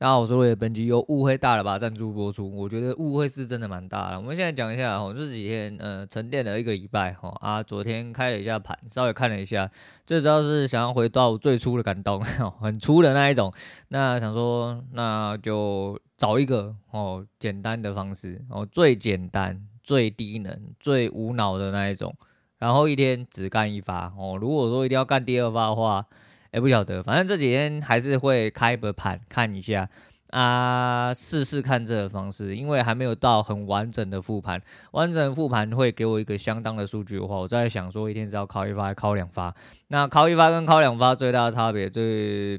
大家好，我是羅傑。本集由誤會大了吧？贊助播出，我覺得誤會是真的蠻大了。我們現在講一下，哦，這幾天呃沉澱了一個禮拜，哦。啊，昨天開了一下盤，稍微看了一下，最主要是想要回到最初的感動，很粗的那一種。那想說，那就找一個哦簡單的方式，哦最簡單、最低能、最無腦的那一種，然後一天只幹一發，哦，如果說一定要幹第二發的話。還不曉得，反正這幾天還是會開一盤看一下啊，試試看這個方式，因為還沒有到很完整的復盤。完整復盤會給我一個相當的數據的話，我在想說，一天只要考一發，還考兩發。那考一發跟考兩發最大的差別，最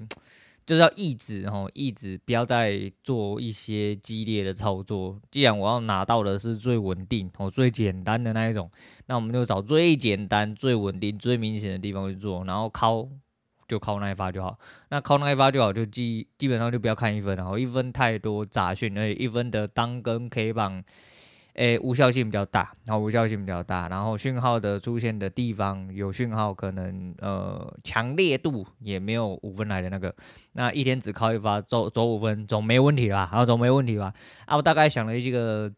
就是要一直吼，一直不要再做一些激烈的操作。既然我要拿到的是最穩定吼、最簡單的那一種，那我們就找最簡單、最穩定、最明顯的地方去做，然後考，就靠那一發就好，那靠那一發就好，就基基本上就不要看一分，然後一分太多雜訊，而且一分的單根 K 棒，誒、欸、無效性比較大，然後無效性比較大，然後訊號的出現的地方有訊號可能呃強烈度也沒有五分來的那個，那一天只靠一發走走五分總沒問題吧？然後總沒問題吧？啊，我大概想了一個。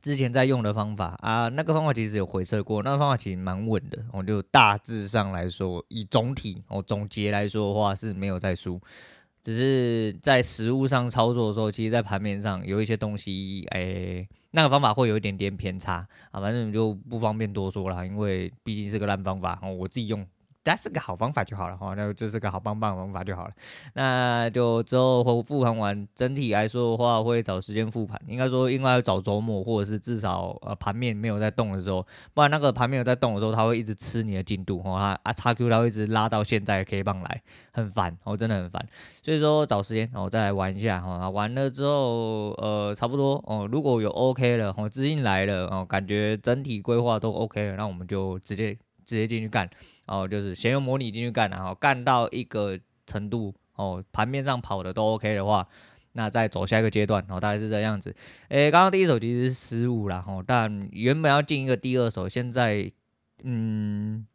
之前在用的方法啊，那個方法其實有回測過，那個方法其實蠻穩的。我、哦、就大致上來說，以總體我、哦、總結來說的話是沒有在輸，只是在實物上操作的時候，其實，在盤面上有一些東西，哎、欸，那個方法會有一點點偏差啊。反正就不方便多說了，因為畢竟是個爛方法、哦，我自己用。那是個好方法就好了哈，那就這是個好棒棒的方法就好了。那就之後復盤完，整體來說的話，會找時間復盤。應該說，應該要找週末，或者是至少呃盤面沒有在動的時候，不然那個盤面有在動的時候，它會一直吃你的進度哈啊。叉 Q 它一直拉到現在，K 棒來很煩，我真的很煩。所以說找時間，然後再來玩一下哈。玩了之後，呃，差不多哦。如果有 OK 了，哦資金來了，哦感覺整體規劃都 OK 了，那我們就直接直接進去幹。哦，就是先用模擬進去幹，然後幹到一個程度，哦，盤面上跑的都 OK 的話，那再走下一個階段，哦，大概是這樣子。誒、欸，剛剛第一手其實是失誤啦吼、哦，但原本要進一個第二手，現在嗯，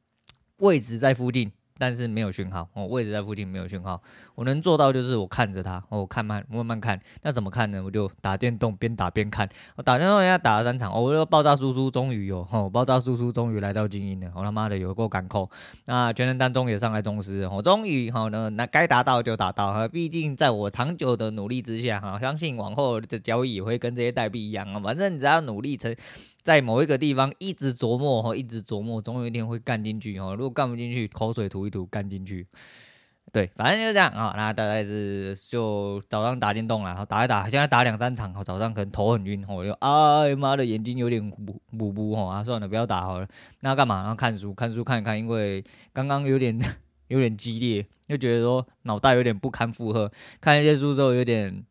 位置在附近。但是沒有訊號，我、哦、位置在附近沒有訊號。我能做到就是我看着他，我、哦、看慢慢慢看。那怎麼看呢？我就打電動，邊打邊看。我、哦、打電動，人家打了三場，哦、我這爆炸輸出終於有，吼、哦，爆炸輸出終於來到精英了。我、哦、他媽的有夠敢扣。那全能當中也上來中司，我終於哈呢，那該達到就達到哈。畢、哦、竟在我長久的努力之下哈、哦，相信往後的交易也會跟這些代幣一樣啊、哦。反正你只要努力成。在某一個地方一直琢磨，一直琢磨，總有一天會幹進去，如果幹不進去，口水吐一吐，幹進去。對，反正就是這樣啊。那大概是就早上打電動啦，然後打一打，現在打兩三場，早上可能頭很暈，我就啊媽、哎、的，眼睛有點模糊啊，算了，不要打好了。那幹嘛？然後看書，看書看一看，因為剛剛有點有點激烈，又覺得說腦袋有點不堪負荷，看一些書之後有點。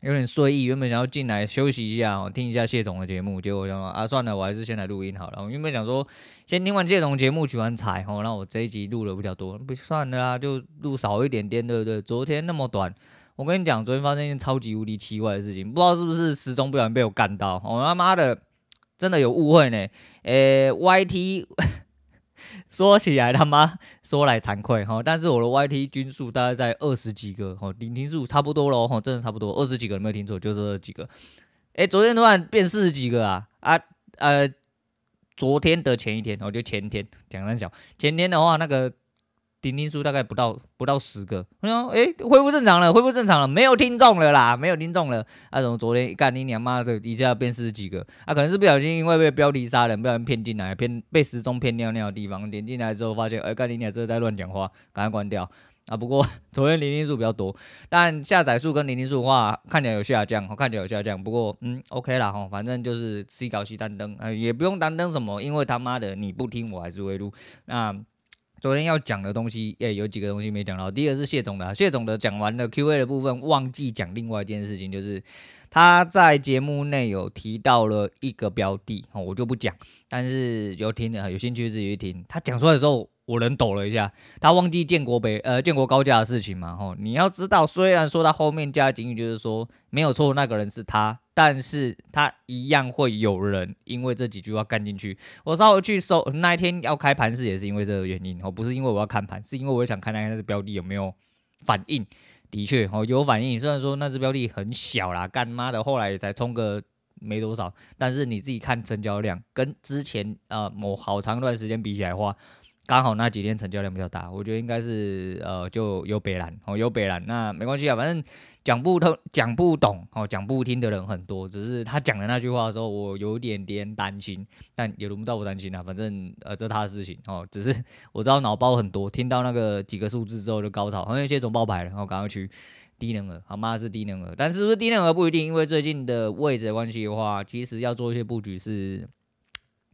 有點睡意，原本想要進來休息一下，聽一下謝總的節目，結果我想說啊，算了，我還是先來錄音好了。我原本想說，先聽完謝總節目取完材。然、哦、那我這一集錄的比較多，不算了啦，就錄少一點點，對不對？昨天那麼短，我跟你講，昨天發生一件超級無敵奇怪的事情，不知道是不是時鐘不小心被我干到，我他媽的真的有誤會呢，誒、欸、，YT。 說起來他媽，說來慚愧哈，但是我的 Y T 均數大概在二十幾個，哈聆聽數差不多了哈，真的差不多二十幾個，沒有聽錯？就這幾個。哎，昨天突然變四十幾個啊啊呃，昨天的前一天，哦，就前天講三小，前天的話那個。聆聽數大概不到不到十個，哎、欸，恢復正常了，恢復正常了，沒有聽眾了啦，沒有聽眾了。啊，從昨天幹你娘媽的一下變四十幾個，啊，可能是不小心因為被標題殺人，被人騙進來，騙被時鐘騙尿尿的地方，點進來之後發現，哎、欸，幹你娘這在亂講話，趕快關掉啊。不過昨天聆聽數比較多，但下載數跟聆聽數的話，看起來有下降，看起來有下降。不過嗯，OK 啦，哈，反正就是自己搞，自單登啊，也不用單登什麼，因為他媽的你不聽我還是會錄那。啊昨天要講的東西，哎、欸，有幾個東西沒講到。第一個是謝總的，謝總的講完了 Q&A 的部分，忘記講另外一件事情，就是他在節目內有提到了一個標的，我就不講，但是有聽的、有興趣自己去聽。他講出來的時候。我人抖了一下，他忘記建國北呃建國高架的事情嘛？吼，你要知道，雖然說他後面加警語，就是說沒有錯，那個人是他，但是他一樣會有人因為這幾句話幹進去。我稍微去搜，那一天要開盤是也是因為這個原因，吼，不是因為我要看盤，是因為我想看看那隻標的有沒有反應。的確，吼有反應，雖然說那隻標的很小啦，幹媽的後來也才衝個沒多少，但是你自己看成交量跟之前呃某好長一段時間比起來的話。剛好那幾天成交量比較大，我覺得應該是呃就有北藍哦，有北藍那沒關係啊，反正講不通講不懂哦，講不聽的人很多，只是他講的那句話的時候，我有一點點擔心，但也輪不到我擔心啊，反正呃這是他的事情哦，只是我知道腦包很多，聽到那個幾個數字之後就高潮，好像一些總爆牌了，然後趕快去低能額，好、啊，媽是低能額，但是，是不是低能額不一定，因為最近的位置的關係的話，其實要做一些布局是，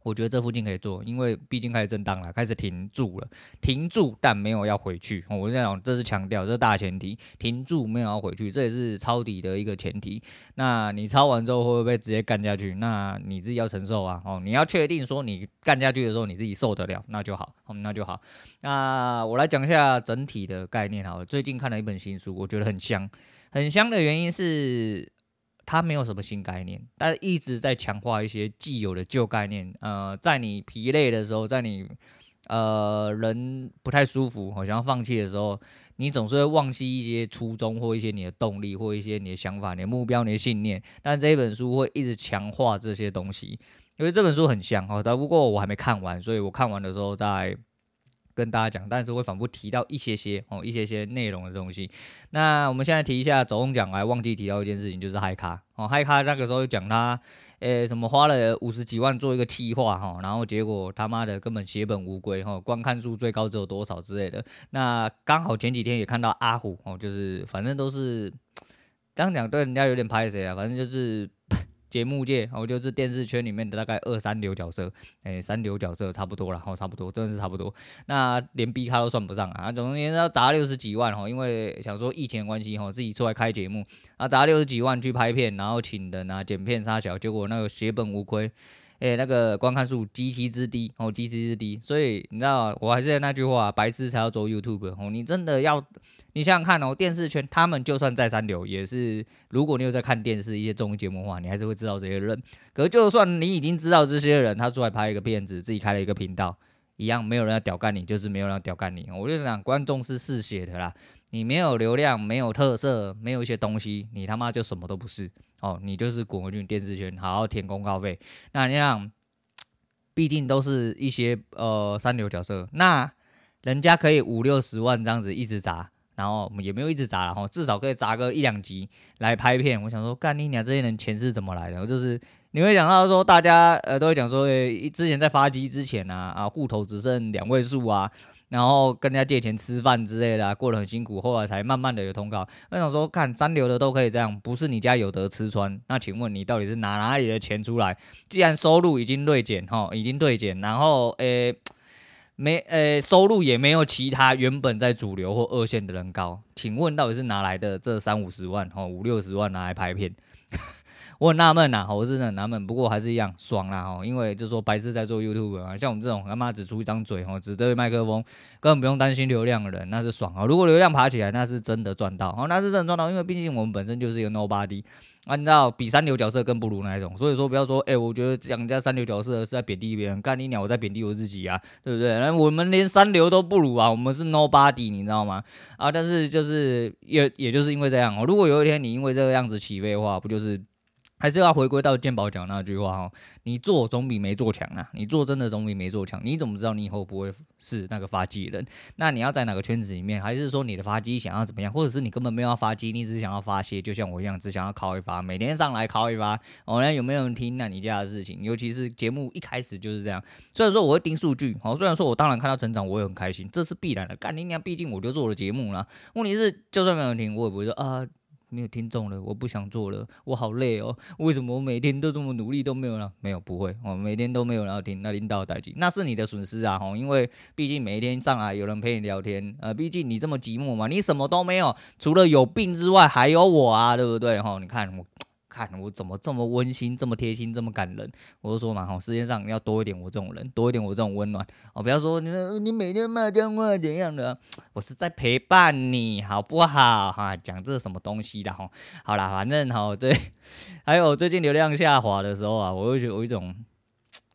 我覺得這附近可以做，因為畢竟開始震盪了，開始停住了，停住但沒有要回去。哦、我這樣這是強調，這是大前提，停住沒有要回去，這也是抄底的一個前提。那你抄完之後會不會直接幹下去？那你自己要承受啊。哦，你要確定說你幹下去的時候你自己受得了，那就好，嗯、那就好。那我來講一下整體的概念好了。最近看了一本新書，我覺得很香，很香的原因是。它沒有什麼新概念，但一直在強化一些既有的舊概念。呃，在你疲累的時候，在你呃人不太舒服、好像要放棄的時候，你總是會忘記一些初衷或一些你的動力或一些你的想法、你的目標、你的信念。但這一本書會一直強化這些東西，因為這本書很像哦。但不過我還沒看完，所以我看完的時候再。跟大家講，但是會反覆提到一些些哦，一些些內容的東西。那我們現在提一下走鐘獎，還忘記提到一件事情，就是嗨咖哦，嗨咖那個時候講他，呃、欸，什麼花了五十幾萬做一個計劃哈，然後結果他媽的根本血本無歸哈、哦，觀看數最高只有多少之類的。那剛好前幾天也看到阿虎哦，就是反正都是這樣講，對人家有點拍誰啊，反正就是。 節目界，然後就是電視圈裡面的大概二三流角色，誒、欸，三流角色差不多了，然後差不多真的是差不多。那連 B 咖都算不上啊！啊，總而言之要砸六十幾萬，哦。因為想說疫情的關係，哈，自己出來開節目，啊，砸六十幾萬去拍片，然後請人啊剪片殺小，結果那個血本無歸。哎、欸，那個觀看數極其之低哦，極其之低，所以你知道我還是在那句話，白痴才要做 YouTube、哦、你真的要，你想想看哦，電視圈他們就算再三流，也是，如果你有在看電視一些綜藝節目的話，你還是會知道這些人。可就算你已經知道這些人，他出來拍一個片子，自己開了一個頻道，一樣沒有人要屌幹你，就是沒有人要屌幹你。我就想想，觀眾是嗜血的啦。你沒有流量，沒有特色，沒有一些東西，你他媽就什麼都不是哦，你就是滾回去電視圈好好填廣告費。那像，必定都是一些呃三流角色，那人家可以五六十萬這樣子一直砸，然後也沒有一直砸，然後至少可以砸個一兩集來拍片。我想說，幹你娘，這些人錢是怎麼來的？就是你會想到說，大家呃都會講說，欸，之前在發機之前呢，啊，啊，戶頭只剩兩位數啊。然後跟人家借錢吃飯之類的，啊，過得很辛苦，後來才慢慢的有通告。那想說，看三流的都可以這樣，不是你家有得吃穿？那請問你到底是拿哪裡的錢出來？既然收入已經銳減，哈，哦，已經銳減，然後，誒，欸，沒，誒，欸，收入也沒有其他原本在主流或二線的人高。請問到底是哪來的這三五十萬，哈，哦，五六十萬拿來拍片？ 我很納悶吶，我是真的很納悶，不過還是一樣爽啦，吼，因為就是說白痴在做 YouTube 啊，像我們這種他媽只出一張嘴，哦，只對着麥克風，根本不用擔心流量的人，那是爽啊。如果流量爬起來，那是真的賺到，哦，那是真的賺到，因為畢竟我們本身就是一個 Nobody，按、啊、照，你知道比三流角色更不如那種，所以說不要說，哎、欸，我覺得講人家三流角色是在貶低別人，干你鳥我在貶低我自己啊，對不對？那我們連三流都不如啊，我們是 Nobody，你知道嗎？啊，但是就是也也就是因為這樣，如果有一天你因為這個樣子起飛的話，不就是？還是要回歸到健保講那句話哦，你做總比沒做強啊，你做真的總比沒做強。你怎麼知道你以後不會是那個發跡的人？那你要在哪個圈子裡面？還是說你的發跡想要怎麼樣？或者是你根本沒有發跡，你只是想要發洩？就像我一樣，只想要靠一發，每天上來靠一發。哦，那有沒有人聽啊？那你家的事情，尤其是節目一開始就是這樣。雖然說我會盯數據，好，雖然說我當然看到成長，我也很開心，這是必然的。幹你娘，畢竟我就做了節目啦。問題是，就算沒有人聽，我也不會說啊。呃沒有聽眾了，我不想做了，我好累哦。為什麼我每天都這麼努力都沒有呢？沒有，不會，我每天都沒有人要聽，那領導打擊，那是你的損失啊！吼，因為畢竟每一天上來有人陪你聊天，呃，畢竟你這麼寂寞嘛，你什麼都沒有，除了有病之外，還有我啊，對不對？哦，你看我。看我怎麼這麼溫馨，這麼貼心，這麼感人，我就說嘛，吼，世界上要多一點我這種人，多一點我這種溫暖哦。不要說你，你每天罵電話怎樣的、啊，我是在陪伴你好不好？哈、啊，講這什麼東西的？吼，好了，反正吼，最還有最近流量下滑的時候啊，我會覺得有一種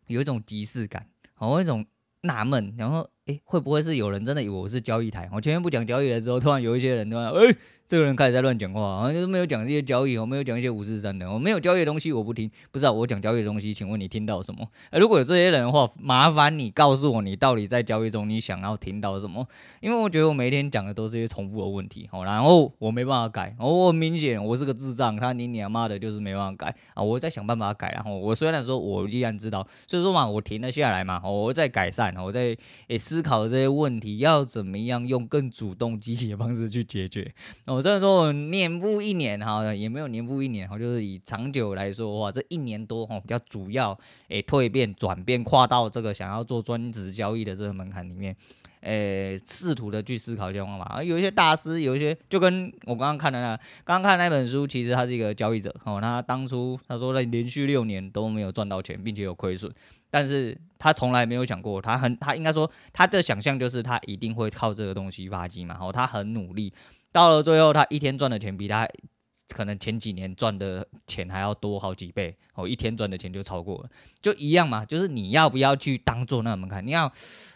有一種即視感，好，一種納悶，然後誒，會不會是有人真的以為我是交易台？我前面不講交易的時候，突然有一些人都哎。欸這個人開始在亂講話，好、啊、像就是沒有講一些交易，我沒有講一些五四三的我、哦、沒有交易的東西，我不聽。不知道、啊、我講交易的東西，請問你聽到什麼？如果有這些人的話，麻煩你告訴我，你到底在交易中你想要聽到什麼？因為我覺得我每天講的都是一些重複的問題，好、哦，然後我沒辦法改。哦，我很明顯我是個智障，他你娘你媽的，就是沒辦法改啊、哦！我在想辦法改，然、哦、後我雖然說我依然知道，所以說嘛，我停了下來嘛，哦、我在改善，哦、我在誒思考這些問題要怎麼樣用更主動積極的方式去解決，哦我真的說我年復一年哈，也沒有年復一年哈，我就是以長久來說哇，這一年多哈比較主要誒，蛻變、轉變、跨到這個想要做專職交易的這個門檻裡面，誒、欸，試圖的去思考這些方法。而有一些大師，有一些就跟我剛剛看的那，剛剛看那本書，其實他是一個交易者哦、喔，他當初他說在連，連續六年都沒有賺到錢，並且有虧損，但是他從來沒有想過，他很他應該說他的想象就是他一定會靠這個東西發跡嘛、喔，他很努力。到了最後，他一天賺的錢比他可能前幾年賺的錢還要多好幾倍哦，一天賺的錢就超過了，就一樣嘛，就是你要不要去當做那個門檻？你要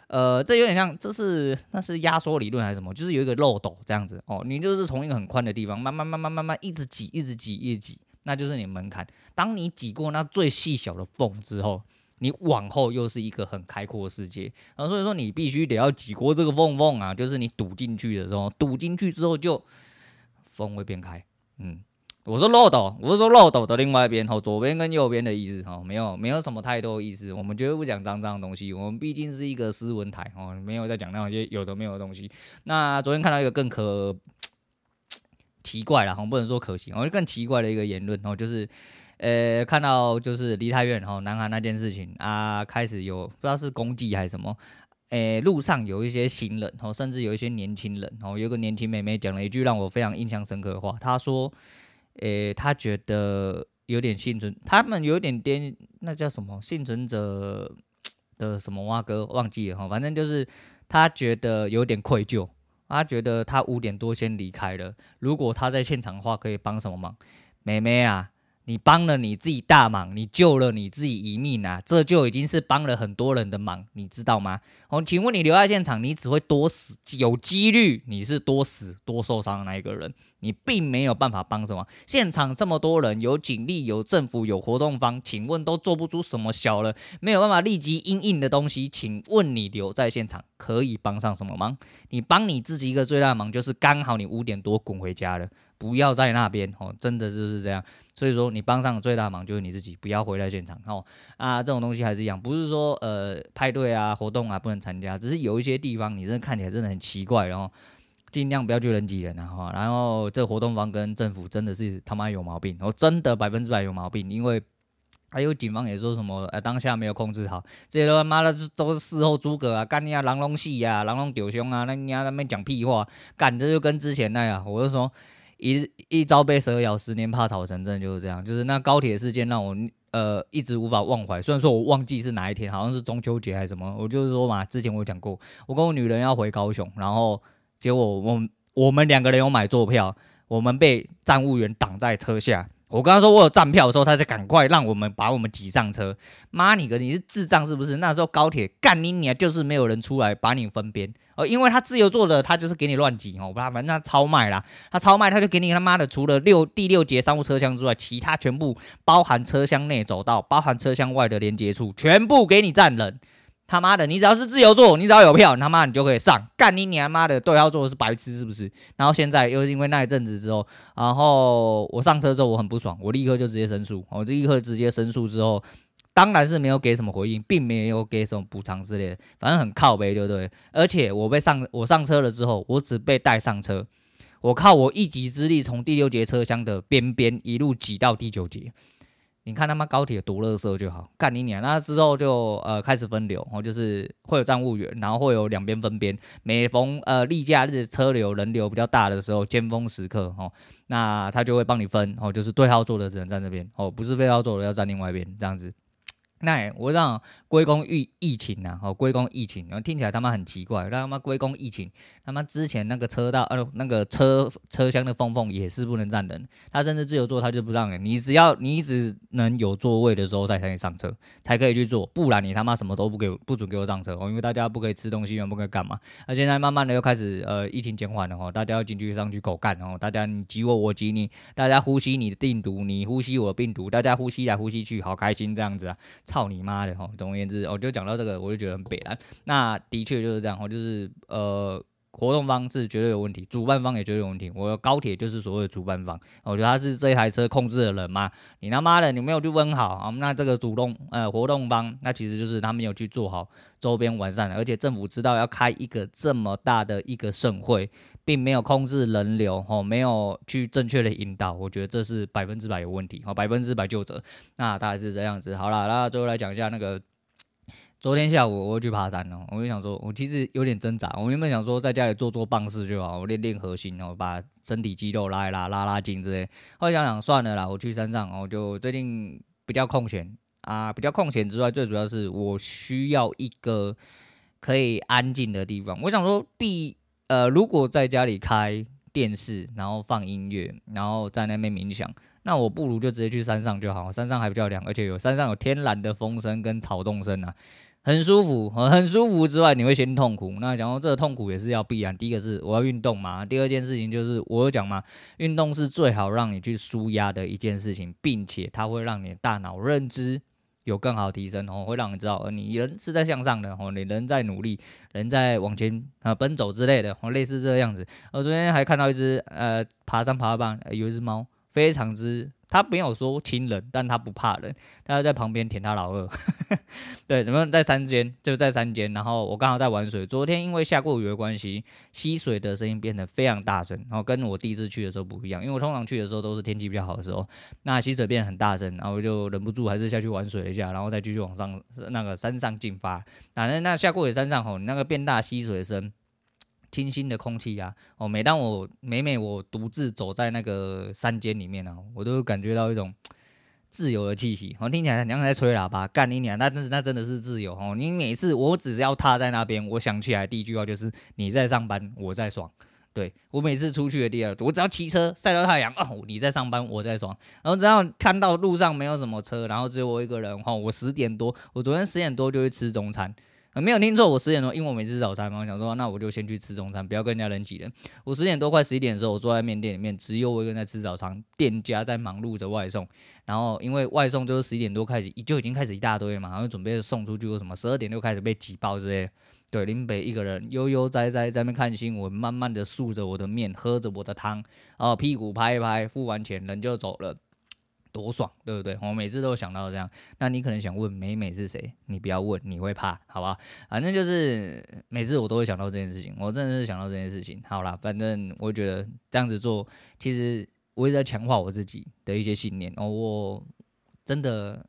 呃，這有點像，這是那是壓縮理論還是什麼？就是有一個漏斗這樣子哦，你就是從一個很寬的地方，慢慢慢慢慢慢一直擠，一直擠，一直擠，那就是你的門檻。當你擠過那最細小的縫之後，你往後又是一個很開闊的世界。啊，然後所以說你必須得要擠過這個縫縫啊，就是你堵進去的時候，堵進去之後就風會變開。嗯，我說漏斗，我是說漏斗的另外一邊齁，左邊跟右邊的意思齁，沒有沒有什麼太多意思，我們絕對不講髒髒的東西，我們畢竟是一個斯文台哦，沒有在講那些有的沒有的東西。那昨天看到一個更可奇怪了，我們不能說可行，哦更奇怪的一個言論哦就是。呃、欸，看到就是梨泰院後，南韓那件事情啊，開始有不知道是攻擊還是什麼。誒、欸，路上有一些行人，然後甚至有一些年輕人，然後有個年輕妹妹講了一句讓我非常印象深刻的話。她說：“誒、欸，她覺得有點幸存，他們有點顛，那叫什麼幸存者的什麼哇哥，忘記了哈。反正就是她覺得有點愧疚，她覺得她五點多先離開了，如果她在現場的話，可以幫什麼忙？妹妹啊。”你幫了你自己大忙，你救了你自己一命啊！這就已經是幫了很多人的忙，你知道嗎？哦，請問你留在現場，你只會多死，有幾率你是多死，多受傷的那一個人。你並沒有辦法幫什麼，現場這麼多人，有警力，有政府，有活動方，請問都做不出什麼小了，沒有辦法立即因應的東西，請問你留在現場可以幫上什麼忙？你幫你自己一個最大的忙就是剛好你五點多滾回家了，不要在那邊哦，真的就是這樣。所以說你幫上最大忙就是你自己，不要回來現場哦。啊，這種東西還是一樣，不是說呃派對啊活動啊不能參加，只是有一些地方你真的看起來真的很奇怪，哦。盡量不要去人擠人啊！然後這活動方跟政府真的是他媽有毛病，我真的百分之百有毛病。因為還有、哎、警方也說什麼，呃，當下沒有控制好，這些他媽的都是事後諸葛啊，幹你啊狼龍戲啊，狼龍丟胸啊，那娘、啊、那邊講屁話，幹這就跟之前那樣。我就說，一一朝被蛇咬，十年怕草繩，真的就是這樣。就是那高鐵事件讓我呃一直無法忘懷，雖然說我忘記是哪一天，好像是中秋節還是什麼。我就是說嘛，之前我有講過，我跟我女人要回高雄，然後。結果我們，我我們兩個人有買座票，我們被站務員擋在車下。我剛剛說我有站票的時候，他就趕快讓我們把我們擠上車。媽你個，你是智障是不是？那時候高鐵幹你娘就是沒有人出來把你分邊哦，因為他自由坐的，他就是給你亂擠哦。我反正他超賣啦，他超賣，他就給你他媽的，除了六第六節商務車廂之外，其他全部包含車廂內走道，包含車廂外的連接處，全部給你站人。他媽的，你只要是自由座，你只要有票，他媽你就可以上。幹你你他媽的對號座的是白痴是不是？然後現在又因為那一陣子之後，然後我上車之後我很不爽，我立刻就直接申訴，我立刻直接申訴之後，當然是沒有給什麼回應，並沒有給什麼補償之類的，反正很靠北對不對？而且我被上我上車了之後，我只被帶上車，我靠，我一己之力從第六節車廂的邊邊一路擠到第九節。你看他媽高鐵多樂色就好，幹你娘！那之後就呃開始分流哦，就是會有站務員，然後會有兩邊分邊。每逢呃例假日車流人流比較大的時候，尖峰時刻哦，那他就會幫你分哦，就是對號座的只能站這邊哦，不是對號座的要站另外一邊，這樣子。那我讓歸功於疫情吶、啊，哦，歸功疫情，聽起來他媽很奇怪，讓他媽歸功疫情。他媽之前那個車道，呃，那個車車廂的縫縫也是不能站人，他甚至自由座，他就不讓人，你只要你只能有座位的時候才可以上車，才可以去坐，不然你他媽什麼都不給，不准給我上車哦，因為大家不可以吃東西，也不可以幹嘛。那、啊、現在慢慢的又開始，呃，疫情減緩了哦，大家要進去上去狗幹哦，大家你擠我，我擠你，大家呼吸你的病毒，你呼吸我的病毒，大家呼吸來呼吸去，好開心這樣子啊。操你媽的！總而言之，我就講到這個，我就覺得很北爛。那的確就是這樣，就是呃，活動方是絕對有問題，主辦方也絕對有問題。我的高鐵就是所謂的主辦方，我覺得他是這台車控制的人嘛。你他媽的，你沒有去問好啊？那這個主動呃，活動方，那其實就是他沒有去做好周邊完善了，而且政府知道要開一個這麼大的一個盛會。並沒有控制人流，吼，沒有去正確的引導，我覺得這是百分之百有問題，吼，百分之百就責。那大概是這樣子，好啦，那最後來講一下那個，昨天下午我去爬山了，我就想說，我其實有點掙扎，我原本想說在家裡做做棒式就好，我練練核心，吼，把身體肌肉拉一拉，拉拉筋之類。後來想想算了啦，我去山上，我就最近比較空閒啊，比較空閒之外，最主要是我需要一個可以安靜的地方，我想說必。呃，如果在家裡開電視，然後放音樂，然後在那邊冥想，那我不如就直接去山上就好。山上還比較涼，而且有山上有天然的風聲跟草動聲啊，很舒服，很舒服之外，你會先痛苦。那講到這個痛苦也是要必然。第一個是我要運動嘛，第二件事情就是我有講嘛，運動是最好讓你去舒壓的一件事情，並且它會讓你的大腦認知有更好的提升哦，會讓你知道，而你人是在向上的哦，你人在努力，人在往前啊奔走之類的，類似這個樣子。我昨天還看到一只呃爬山爬到半，呃，有一只貓非常之。他沒有說親人，但他不怕人，他在旁邊舔他老二。 對，你們在山間，就在山間。然後我剛好在玩水，昨天因為下過雨的關係，溪水的聲音變得非常大聲，然後跟我第一次去的時候不一樣。因為我通常去的時候都是天氣比較好的時候，那溪水變得很大聲，然後我就忍不住還是下去玩水一下，然後再繼續往上那個山上進發。那那下過雨山上吼，你那個變大溪水聲。清新的空氣呀，哦，每當我每每我獨自走在那個山間裡面呢、啊，我都感覺到一種自由的氣息。哦，聽起來好像在吹喇叭，幹你娘！那真是那真的是自由哦。你每次我只要踏在那邊，我想起來第一句話就是你在上班，我在爽。對，我每次出去的地方，我只要騎車曬到太陽哦，你在上班，我在爽。然後只要看到路上沒有什麼車，然後只有我一個人，哦，我十點多，我昨天十點多就去吃中餐。沒有聽錯，我十點多，因為我沒吃早餐嘛，我想說那我就先去吃中餐，不要跟人家人擠人。我十點多快十一點的時候，我坐在麵店裡面，只有我一個人在吃早餐，店家在忙碌着外送。然後因為外送就是十一點多開始，就已經開始一大堆嘛，然後準備送出去或什麼。十二點就開始被擠爆之類。對，林北一個人悠悠哉哉哉在那邊看新聞，我慢慢的豎着我的麵，喝着我的湯，然後屁股拍一拍，付完錢人就走了。多爽，對不對？我每次都想到這樣。那你可能想問美美是誰？你不要問，你會怕，好不好？反正就是每次我都會想到這件事情，我真的是想到這件事情。好了，反正我覺得這樣子做，其實我也在強化我自己的一些信念。哦，我真的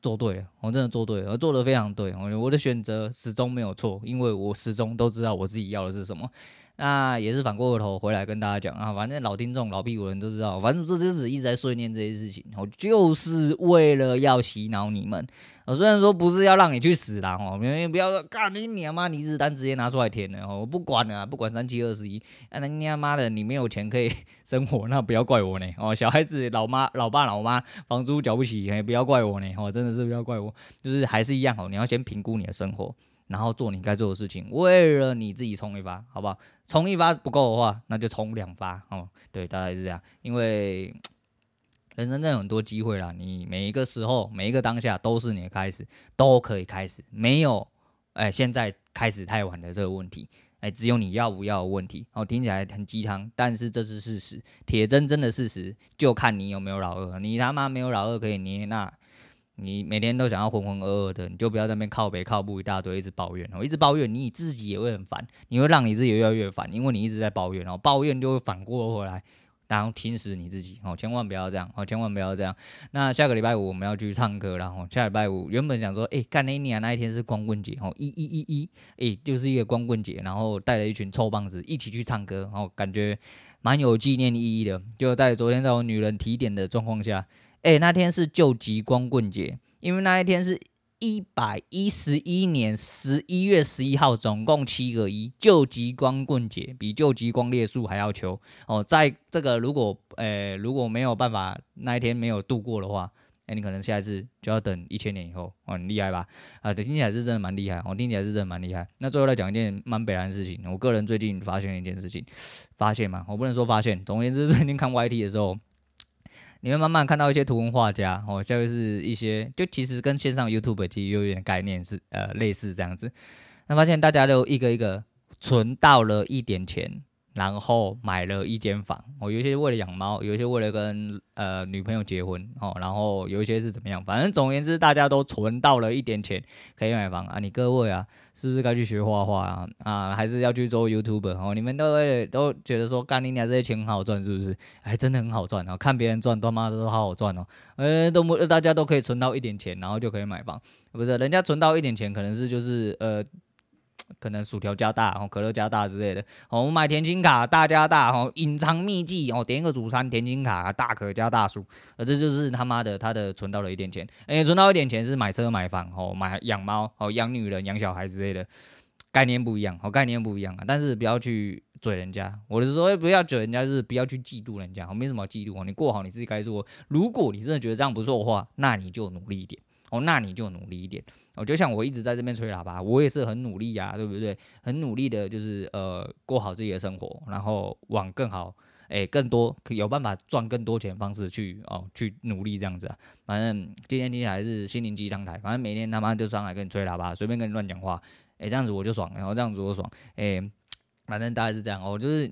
做對了，我真的做對了，我做得非常對。我的選擇始終沒有錯，因為我始終都知道我自己要的是什麼。那、啊、也是反過頭回來跟大家講啊，反正老聽眾、老屁股人都知道，反正這些日子一直在碎念這些事情，哦，就是為了要洗腦你們、哦。雖然說不是要讓你去死啦，哦，不要說幹、啊、你你媽你日單直接拿出來填了，哦，我不管了、啊，不管三七二十一，那、啊、你家媽的你沒有錢可以生活，那不要怪我呢，哦，小孩子老媽老爸老媽房租繳不起，哎、欸，不要怪我呢，哦，真的是不要怪我，就是還是一樣哦，你要先評估你的生活。然後做你該做的事情，為了你自己衝一發，好不好？衝一發不夠的話，那就衝兩發。哦，對，大概是這樣。因為人生真的有很多機會啦。你每一個時候、每一個當下都是你的開始，都可以開始。沒有，哎，現在開始太晚的這個問題，哎，只有你要不要的問題。哦，聽起來很雞湯，但是這是事實，鐵錚錚的事實。就看你有沒有老二，你他媽沒有老二可以捏那。你每天都想要渾渾噩噩的，你就不要在那邊靠北靠步一大堆，一直抱怨，一直抱怨哦，一直抱怨，你自己也會很煩，你會讓你自己越來越煩，因為你一直在抱怨，哦。抱怨就會反過回來，然後侵蝕你自己哦，千萬不要這樣哦，千萬不要這樣。那下個禮拜五我們要去唱歌，然後下禮拜五原本想說，哎、欸，幹那年那一天是光棍節哦，一、欸、一、欸、一、一，哎，就是一個光棍節，然後帶了一群臭棒子一起去唱歌，然後感覺蠻有紀念意義的，就在昨天，在我女人提點的狀況下。誒、欸，那天是究極光棍節，因為那一天是一百一十一年十一月十一號，總共七個一，究極光棍節比究極光烈速還要求哦。在這個如果，誒、欸、如果沒有辦法那一天沒有度過的話，誒、欸，你可能下一次就要等一千年以後哦，很厲害吧？啊，聽起來是真的蠻厲害，我、哦、聽起來是真的蠻厲害。那最後來講一件蠻悲哀的事情，我個人最近發現了一件事情，發現嘛，我不能說發現，總而言之，最近看 YT 的時候。你會慢慢看到一些圖文畫家，哦，就是一些，就其實跟線上 YouTube 其實有點概念是，呃，類似這樣子。那發現大家都一個一個存到了一點錢。然後買了一間房，我、哦、有一些為了養貓，有一些為了跟呃女朋友結婚哦，然後有一些是怎麼樣，反正總而言之大家都存到了一點錢可以買房啊，你各位啊，是不是該去學畫畫啊？啊還是要去做 YouTuber 哦？你們都會都覺得說幹，你娘、啊、這些錢很好賺是不是？哎真的很好賺哦，看別人賺他媽的都好好賺哦，嗯、哎，都大家都可以存到一點錢，然後就可以買房，不是，人家存到一點錢可能是就是呃。可能薯條加大，哦，可樂加大之類的，我買甜心卡大加大，隱藏秘技，點一個主餐甜心卡大可加大數，這就是他媽的他的存到了一點錢，哎、欸，存到一點錢是買車買房，哦，買養貓，哦，養女人養小孩之類的，概念不一樣，哦，概念不一樣啊，但是不要去追人家，我是說不要追人家，就是不要去嫉妒人家，沒什麼嫉妒啊，你過好你自己該做，如果你真的覺得這樣不錯的話，那你就努力一點。哦，那你就努力一點。我、哦、就像我一直在這邊吹喇叭，我也是很努力呀、啊，對不對？很努力的，就是呃，過好自己的生活，然後往更好，更多可以有辦法賺更多錢的方式去哦，去努力這樣子啊。反正今天聽起來是心靈雞湯台，反正每天他媽就上來跟你吹喇叭，隨便跟你亂講話，哎，這樣子我就爽，然後這樣子我爽，哎，反正大概是這樣哦，就是。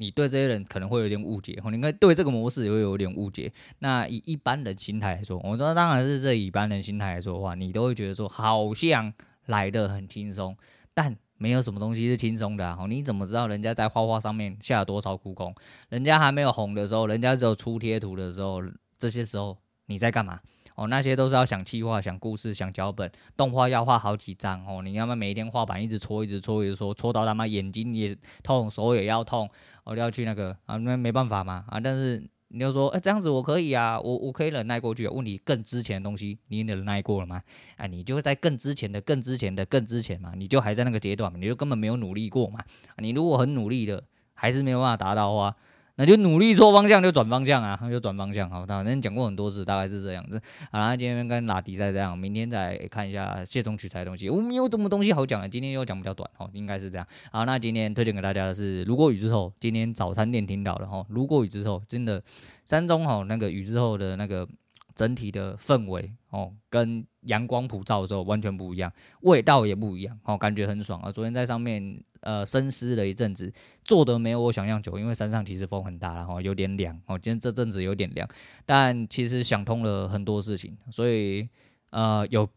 你對這些人可能會有點誤解，吼，你應該對這個模式也會有點誤解。那以一般人心態來說，我說當然是以一般人心態來說的話，你都會覺得說好像來得很輕鬆，但沒有什麼東西是輕鬆的啊，吼，你怎麼知道人家在畫畫上面下了多少苦功？人家還沒有紅的時候，人家只有出貼圖的時候，這些時候你在幹嘛？哦，那些都是要想企劃、想故事、想腳本，動畫要畫好幾張哦。你要麼每一天畫板一直搓，一直搓，一直搓，搓到他媽眼睛也痛，手也要痛。哦，要去那個啊，那沒沒辦法嘛啊！但是你就說，哎、欸，這樣子我可以啊，我我可以忍耐過去、啊。問你，更之前的東西，你忍耐過了嗎？啊，你就會在更之前的、更之前的、更之前嘛，你就還在那個階段，你就根本沒有努力過嘛、啊。你如果很努力的，還是沒有辦法達到的話。那就努力錯方向，就轉方向啊，就轉方向，好，他反正講過很多次，大概是這樣子。好，那今天跟拉迪再這樣，明天再看一下謝總取材的東西，我沒有什麼東西好講的。今天又講比較短，哦，應該是這樣。好，那今天推薦給大家的是《如果雨之後》，今天早餐店聽到的哈，《如果雨之後》真的山中哈，那個雨之後的那個整體的氛圍哦，跟陽光普照的時候完全不一樣，味道也不一樣，哦，感覺很爽啊。昨天在上面。呃，深思了一陣子，坐得沒有我想象久，因為山上其實風很大，然、喔、後有點涼。哦、喔，今天這陣子有點涼，但其實想通了很多事情，所以呃，有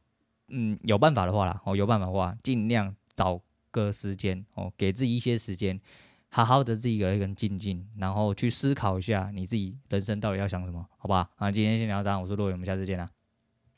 嗯有辦法的話啦，哦、喔，有辦法的話，盡量找個時間哦、喔，給自己一些時間，好好的自己一個人靜靜，然後去思考一下你自己人生到底要想什麼，好吧？啊，今天先聊到這，我是洛偉，我們下次見啦。